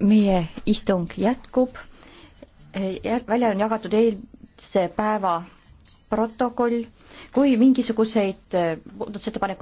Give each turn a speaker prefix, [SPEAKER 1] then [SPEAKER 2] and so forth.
[SPEAKER 1] meie istung jätkub. Eh, er-, välja on jagatud eilse päeva protokoll. kui mingisuguseid eh, muudatusettepanekuid